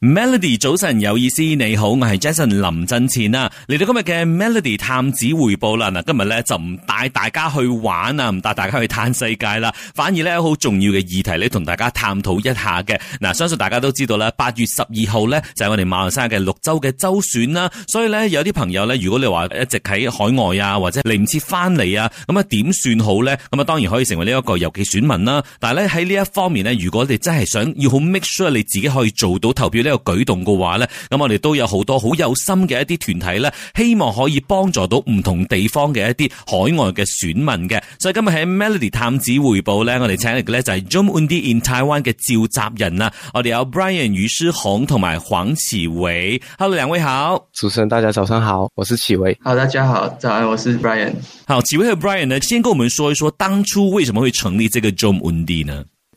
Melody 早晨有意思，你好，我係 Jason 林振前啦。嚟到今日嘅 Melody 探子回報啦。嗱，今日咧就唔帶大家去玩啊，唔帶大家去嘆世界啦。反而咧，好重要嘅議題咧，同大家探討一下嘅。嗱，相信大家都知道啦，八月十二號咧就係我哋馬來西亞嘅六州嘅州選啦。所以咧，有啲朋友咧，如果你話一直喺海外啊，或者嚟唔切翻嚟啊，咁啊點算好咧？咁啊，當然可以成為呢一個郵寄選民啦。但係咧喺呢一方面咧，如果你真係想要好 make sure 你自己可以做到投票呢個舉動嘅話咧，咁我哋都有好多好有心嘅一啲團體咧，希望可以幫助到唔同地方嘅一啲海外嘅選民嘅。所以今日喺 Melody 探子匯報咧，我哋請嚟嘅咧就係 JomUndi in Taiwan 嘅召集人啊，我哋有 Brian 宇書行同埋黃慈維。Hello，兩位好，主持人大家早上好，我是慈維。Hello，大家好，早安，我是 Brian。好，慈維和 Brian 呢，先跟我們說一說當初為什麼會成立這個 JomUndi 呢？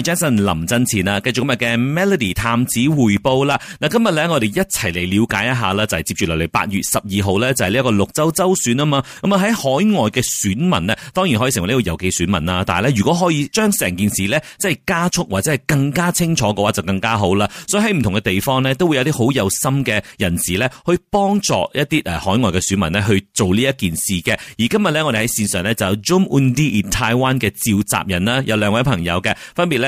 係 Jason 林振前啦，繼續今日嘅 Melody 探子回報啦。嗱，今日咧我哋一齊嚟了解一下啦，就係接住落嚟八月十二號咧，就係呢一個六州州選啊嘛。咁啊喺海外嘅選民咧，當然可以成為呢個郵寄選民啦。但係咧，如果可以將成件事咧，即係加速或者係更加清楚嘅話，就更加好啦。所以喺唔同嘅地方咧，都會有啲好有心嘅人士咧，去幫助一啲誒海外嘅選民咧去做呢一件事嘅。而今日咧，我哋喺線上咧就有 JomUndi in Taiwan 嘅召集人啦，有兩位朋友嘅，分別咧。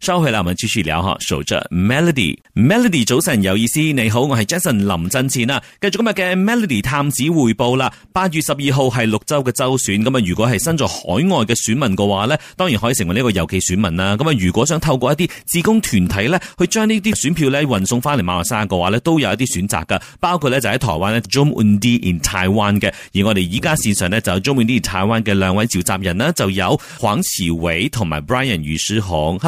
收起啦，我哋主持了嗬，坐着 Melody，Melody 早晨有意思，你好，我係 Jason 林振前啊，繼續今日嘅 Melody 探子匯報啦。八月十二號係六州嘅州選，咁啊，如果係身在海外嘅選民嘅話咧，當然可以成為呢個郵寄選民啦。咁啊，如果想透過一啲志工團體咧，去將呢啲選票咧運送翻嚟馬來西亞嘅話咧，都有一啲選擇噶，包括咧就喺台灣咧 Jom Undi in Taiwan 嘅，而我哋而家綫上呢，就有 Jom Undi in Taiwan 嘅兩位召集人呢，就有黃慈偉同埋 Brian 余書雄。